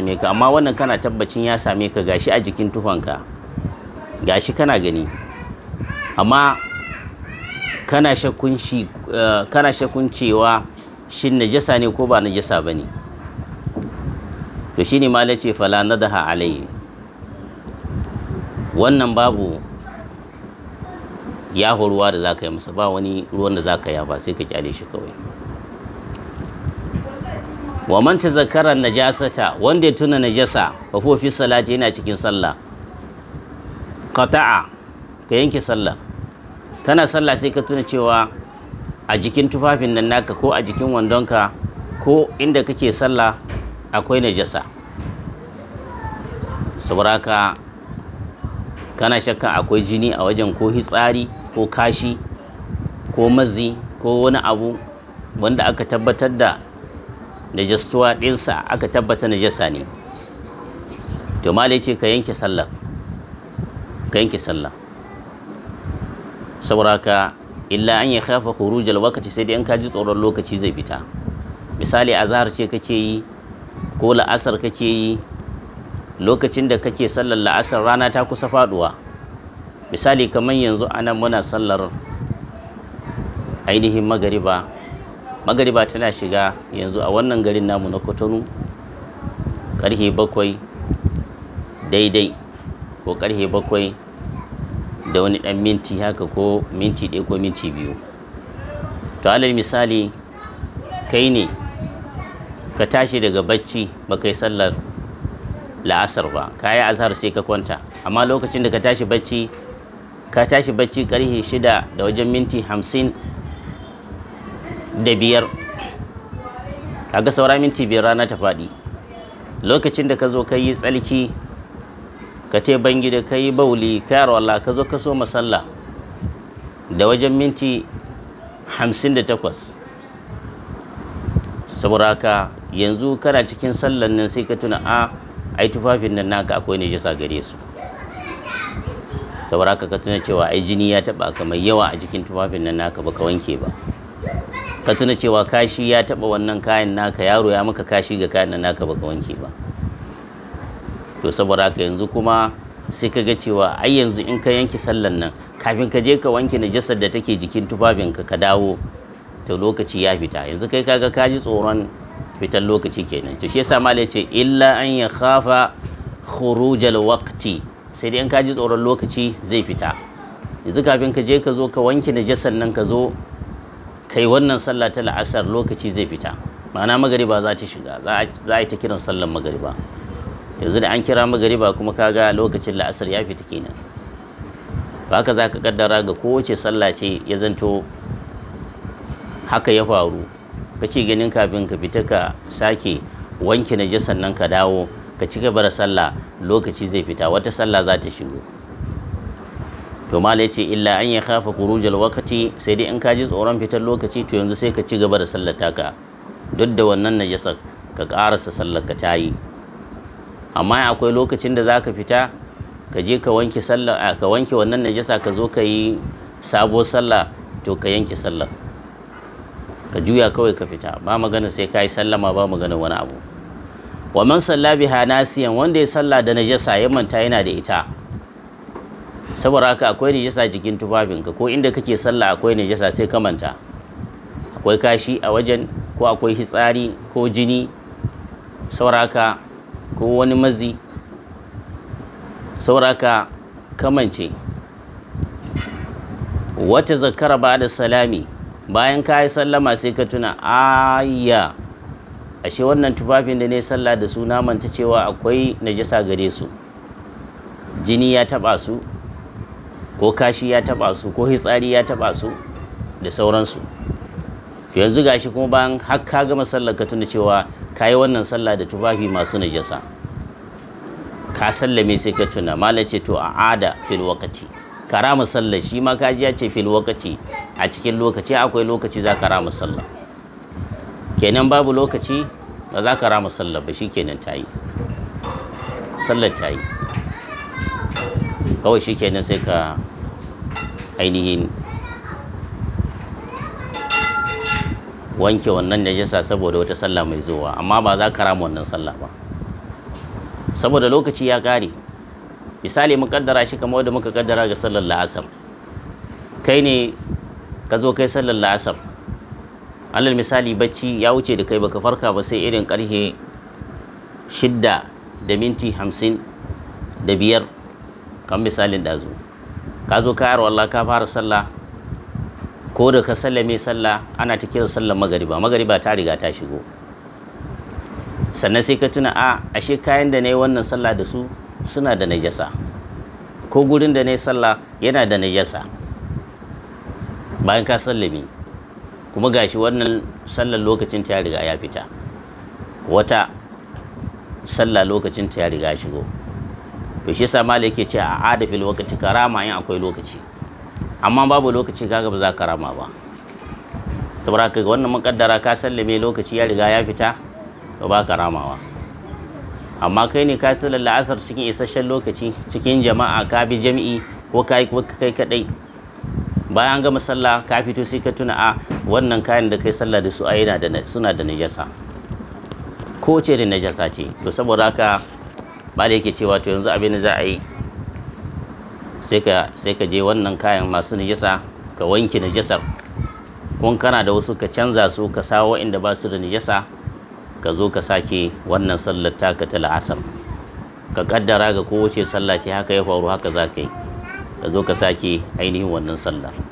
ne ka amma wannan kana tabbacin ya same ka gashi a jikin tufanka gashi kana gani amma kana shakkun shi eh, kana shakkun cewa shin najasa ne ko ba najasa bane to shine ma lace fala nadaha alai wannan babu ya ruwa da zaka yi masa ba wani ruwan da zaka yi ba sai ka kyale shi kawai wa man tazakkara najasata wanda ya tuna najasa fa huwa fi salati yana cikin sallah qata'a ka yanke sallah kana sallah sai ka tuna cewa a jikin tufafin nan naka ko a jikin wandonka ko inda kake sallah akwai najasa saboda kana shakka akwai jini a wajen ko hitsari ko kashi ko mazi ko wani abu wanda aka tabbatar da najastuwa ɗinsa aka tabbata najasa ne to malai ce ka yanke sallah ka yanke sallah saboda ka illa an ya khafa khurujal wakati sai dai in ka ji tsoron lokaci zai fita misali azhar ce kake yi ko la'asar kake yi lokacin da kake sallar la'asar rana ta kusa faduwa misali kamar yanzu anan muna sallar ainihin magariba magariba tana shiga yanzu a wannan garin namu na kotonu karhe bakwai daidai ko karhe bakwai da wani dan minti haka ko minti ɗaya ko minti biyu to alal misali kai ne ka tashi daga bacci ba kai sallar la'asar ba ka yi azhar sai ka kwanta amma lokacin da ka tashi bacci ka tashi bacci karhe shida da wajen minti hamsin da biyar kaga saura minti biyar rana ta faɗi lokacin da ka zo ka yi tsalki ka te bangi da ka yi bauli ka yaro Allah ka zo ka so masalla da wajen minti hamsin da takwas saboda haka yanzu kana cikin sallan nan sai ka tuna a ai tufafin nan naka akwai najasa gare su saboda haka ka tuna cewa ai jini ya taba ka mai yawa a jikin tufafin nan naka ka wanke ba ka tuna cewa kashi ya taba wannan kayan naka yaro ya maka kashi ga kayan naka baka wanke ba to saboda haka yanzu kuma sai ka ga cewa ai yanzu in ka yanke sallan nan kafin ka je ka wanke najasar da take jikin tufafinka ka dawo to lokaci ya fita yanzu kai kaga ka ji tsoron fitan lokaci kenan to shi yasa malai ce illa an ya khafa khurujal waqti sai dai in ka ji tsoron lokaci zai fita yanzu kafin ka je ka zo ka wanke najasar nan ka zo kai wannan sallah ta la'asar lokaci zai fita ma'ana magariba za ta shiga za a yi ta kiran sallan magariba yanzu da an kira magariba kuma ka ga lokacin la'asar ya fita kenan ba ka za ka kaddara ga kowace sallah ce ya zanto haka ya faru ka ci ganin kafin ka fita ka sake wanke najasan nan ka dawo ka ci gaba da sallah lokaci zai fita wata sallah za ta shigo to mala yace illa an ya khafa kurujal waqti sai dai in ka ji tsoron fitar lokaci to yanzu sai ka ci gaba da sallar taka duk da wannan najasa ka karasa sallar ka tayi amma akwai lokacin da zaka fita ka je ka wanke sallar ka wanke wannan najasa ka zo ka yi sabo sallah to ka yanke sallar ka juya kawai ka fita ba magana sai ka yi sallama ba magana wani abu wa man salla biha nasiyan wanda ya salla da najasa ya manta yana da ita saboda haka akwai najasa jikin tufafinka ko inda kake sallah akwai najasa sai ka manta akwai kashi a wajen ko akwai hitsari ko jini sauraka ko wani mazi sauraka kamance wata zakara ba da salami bayan ka yi sallama sai ka tuna ayya ashe wannan tufafin da ne sallah da su na manta cewa akwai najasa gare su jini ya taba su ko kashi ya taba su ko hitsari ya taba su da sauransu yanzu gashi kuma bayan har ka gama sallar ka tuna cewa ka yi wannan sallah da tufafi masu najasa ka sallame sai ka tuna malam ce to a ada fil wakati ka rama sallah shi ma ka ji ya ce fil wakati a cikin lokaci akwai lokaci za ka rama sallah kenan babu lokaci ba za ka rama sallah ba shi kenan ta yi sallar ta yi kawai shi kenan sai ka ainihin wanke wannan najasa saboda wata sallah mai zuwa amma ba za ka rama wannan sallah ba saboda lokaci ya kare misali mun kaddara shi kamar wanda muka kaddara ga sallar la'asar kai ne ka zo kai sallar la'asar alal misali bacci ya wuce da kai baka farka ba sai irin karfe shidda da minti hamsin da biyar kan misalin ɗazu ka zo ka yaro Allah ka fara sallah ko da ka sallame sallah ana ta kira sallar magariba magariba ta riga ta shigo sannan sai ka tuna a ah, ashe kayan da na yi wannan sallah da su suna da najasa ko gurin da na yi sallah yana da najasa bayan ka sallame kuma gashi wannan sallar lokacin ta riga ya fita wata sallah lokacin ta riga shigo to shi yasa malai yake ce a ada fil waqti karama yin akwai lokaci amma babu lokaci kaga ba za ka rama ba saboda kaga wannan mukaddara ka sallame lokaci ya riga ya fita to ba ka ramawa amma kai ne ka sallalla la'asar cikin isasshen lokaci cikin jama'a ka bi jami'i ko kai kai kadai bayan gama sallah ka fito sai ka tuna a ah, wannan kayan da kai sallah da su a yana da suna da najasa ko ce da najasa ce to saboda haka malai yake cewa to yanzu abin da za a yi sai ka je wannan kayan masu najasa ka wanki najasar kun kana da wasu ka canza su ka sawo inda ba su da najasa ka zo ka sake wannan sallar taka ta la'asar ka kaddara ga kowace sallah ce haka ya faru haka za ka yi ka zo ka sake ainihin wannan sallar